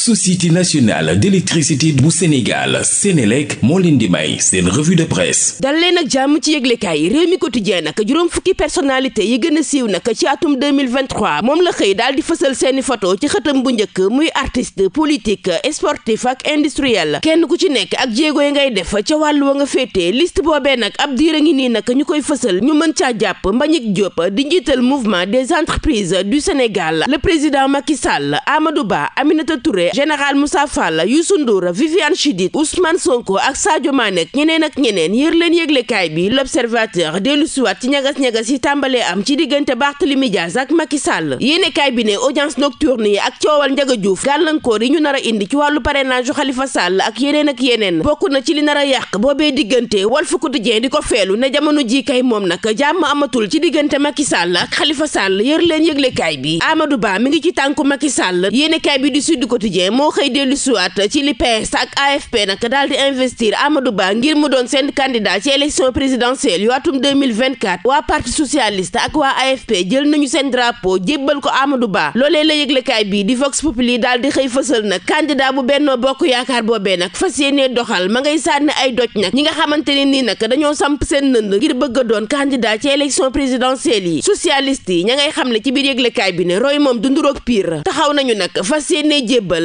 société nationale d'électricité bu Sénégal Sénélec moo leen di may seen revue de presse dal leen ak jàmm ci yëglekaay réew mi quotidien nag juróom fukki personalité yi gën a siiw nag ci atum 2023 moom la xëy daal di fësal seeni photo ci xëtam bu njëkk muy artiste politique sportif ak industriel kenn ku ci nekk ak jéego yi ngay def ca wàll wa nga féetee liste boobee nag ab diir a ngi nii nag ñu koy fësal ñu mën caa jàpp Mbagnick Diop di njiital mouvement des entreprises du Sénégal le président Macky Sall Amadou Ba Aminata Touré général Moussa Fall Youssou Ndour Viviane Chidid Ousmane Sonko ak Sadio Mané ñeneen ak ñeneen yër leen yëglekaay bi l'observateur dellu siwaat ci ñagas-ñagas yi tàmbalee am ci diggante Barthélemy Dias ak Macky sàll yéenekaay bi ne audience nocturne yi ak coowal Ndiaga Diouf gàllankoor yi ñu nar a indi ci wàllu parrainage Khalifa Sall ak yeneen ak yeneen bokk na ci li nar a yàq boobee diggante Walf Quotidien di ko feelu ne jamono ji kay moom nag jàmm amatul ci diggante Macky Sall ak Khalifa Sall yër leen yëglekaay bi Amadou Ba mi ngi ci tànku Macky Sall yéenekaay quotidien moo xëy dellu siwaat ci li PS ak AFP nag daal di investir Amadou Ba ngir mu doon seen candidat ci élection présidentielle yu atum 2024 waa parti socialiste ak waa AFP jël nañu seen drapeau jébbal ko Amadou Ba loolee la yëglekaay bii di Vox Populi daal di xëy fësal nag candidat bu benn Bokk Yaakaar boobee nag fas yéenee doxal ma ngay sànni ay doj nag ñi nga xamante ne nii nag dañoo samp seen nënd ngir bëgg a doon candidat ci élection présidentielle yi socialiste yi ña ngay xam ne ci biir yëglekaay bi ne roy moom dunduroog pire taxaw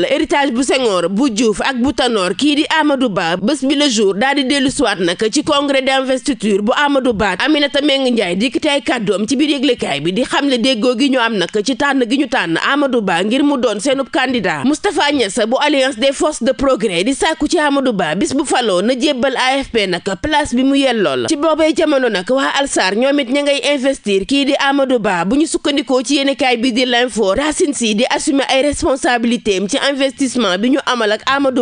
la héritage bu Senghor bu Diouf ak bu Tanor kii di Amadou Ba bés bi le jour daal di dellu siwaat nag ci congrès d'investiture bu Amadou Ba Aminata Mbengue Ndiaye dikkite ay kàddoom ci biir yëglekaay bi di xamle déggoo gi ñu am nag ci tànn gi ñu tànn Amadou Ba ngir mu doon seenub candidat Moustapha Niass bu alliance des forces de progrès di sàkku ci Amadou Ba bu faloo na jébbal AFP nag place bi mu yellool ci boobee jamono nag waa Alsar ñoom it ña di Amadou Ba bu ñu sukkandikoo ci yéenekaay bi di investissement bi ñu amal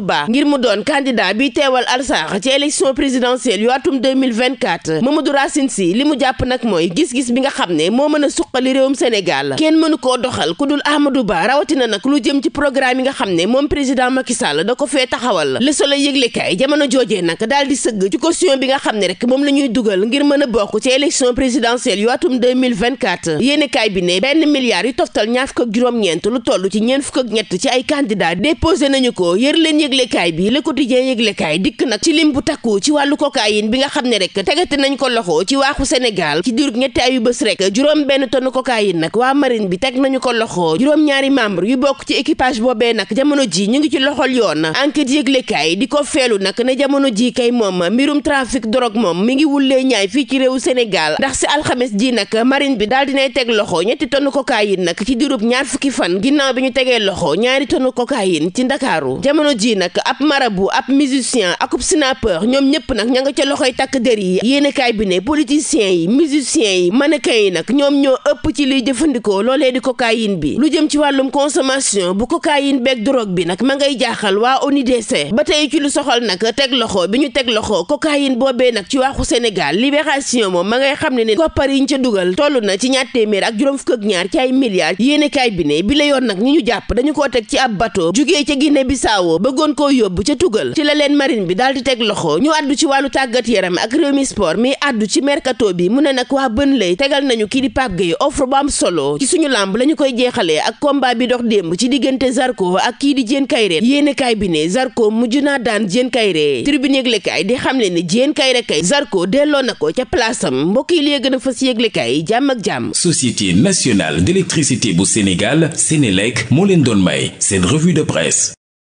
Ba ngir mu doon candidat bi teewal Artsakh ci élection présidentielle yu atum 2024 Mamadou Racine Sy li mu jàpp nag mooy gis-gis bi nga xam ne moo mën a suqali réewum Sénégal kenn mënu koo doxal ku dul Amadou Ba rawatina nag lu jëm ci programme yi nga xam ne moom président Macky Sall da ko fee taxawal Le Soleil yëglekaay jamono joojee nag daal di sëgg ci caution bi nga xam ne rek moom la ñuy dugal ngir mën a bokk ci élection présidentielle yu atum 2024 yéenekaay bi ne benn milliard yu toftal ñaar juróom-ñeent lu toll ci ñeent fukk ak ñett ci ay candidat candidat déposé nañu ko yër leen yëglekaay bi le quotidien yëglekaay dikk nag ci lim bu takku ci wàllu cocaïne bi nga xam ne rek tegate nañ ko loxo ci waaxu Sénégal ci diirub ñetti ayu bés rek juróom benn tonne cocaïne nag waa marine bi teg nañu ko loxo juróom ñaari membre yu bokk ci équipage boobee nag jamono ji ñu ngi ci loxol yoon enquête yëglekaay di ko feelu nag ne jamono ji kay moom mbirum trafic drogue moom mi ngi wullee ñaay fii ci réewu Sénégal ndax si alxames ji nag marine bi daal dinay teg loxo ñetti tonne cocaïne nag ci diirub ñaar fukki fan ginnaaw bi ñu tegee loxo cocaïne ci ndakaaru jamono ji nag ab marabu ab musicien akub snapper ñoom ñëpp nag ña nga ca loxoy takk der yi yéenekaay bi ne politiciens yi musiciens yi mannequin yi nag ñoom ñoo ëpp ci liy jëfandikoo loolee di bi lu jëm ci wàllum consommation bu cocaïne beeg drogue bi nag ma ngay jaaxal waa ONUDC ba tey ci lu soxal nag teg loxo bi ñu teg loxo cocaïne boobee nag ci waaxu Sénégal libération moom ma ngay xam ne ne koppar yi ñu ca dugal toll na ci ñaar téeméer ak juróom fukk ak ñaar ci ay milliards yéenekaay bi ne bi la bateau jugee ca Guinée Bissau bëggoon koo yóbbu ca tugal ci la leen marin bi daal di teg loxo ñu àddu ci wàllu tàggat yaram ak réew mi sport mi àddu ci mercato bi mu ne nag waa bën lay tegal nañu kii di Pape Gueye offre bu am solo ci suñu làmb la ñu koy jeexalee ak combat bi dox démb ci diggante Zarko ak kii di Diène Kairé yéene kaay bi ne Zarko mujj naa daan Diène Kairé tribune yëglekaay di xam le ne Diène Kairé kay Zarko delloo na ko ca plaasam mbokk yi lee gën a fas yëglekaay jàmm ak jàmm société nationale d'électricité bu Sénégal Sénélec moo leen doon may seen revue revue de presse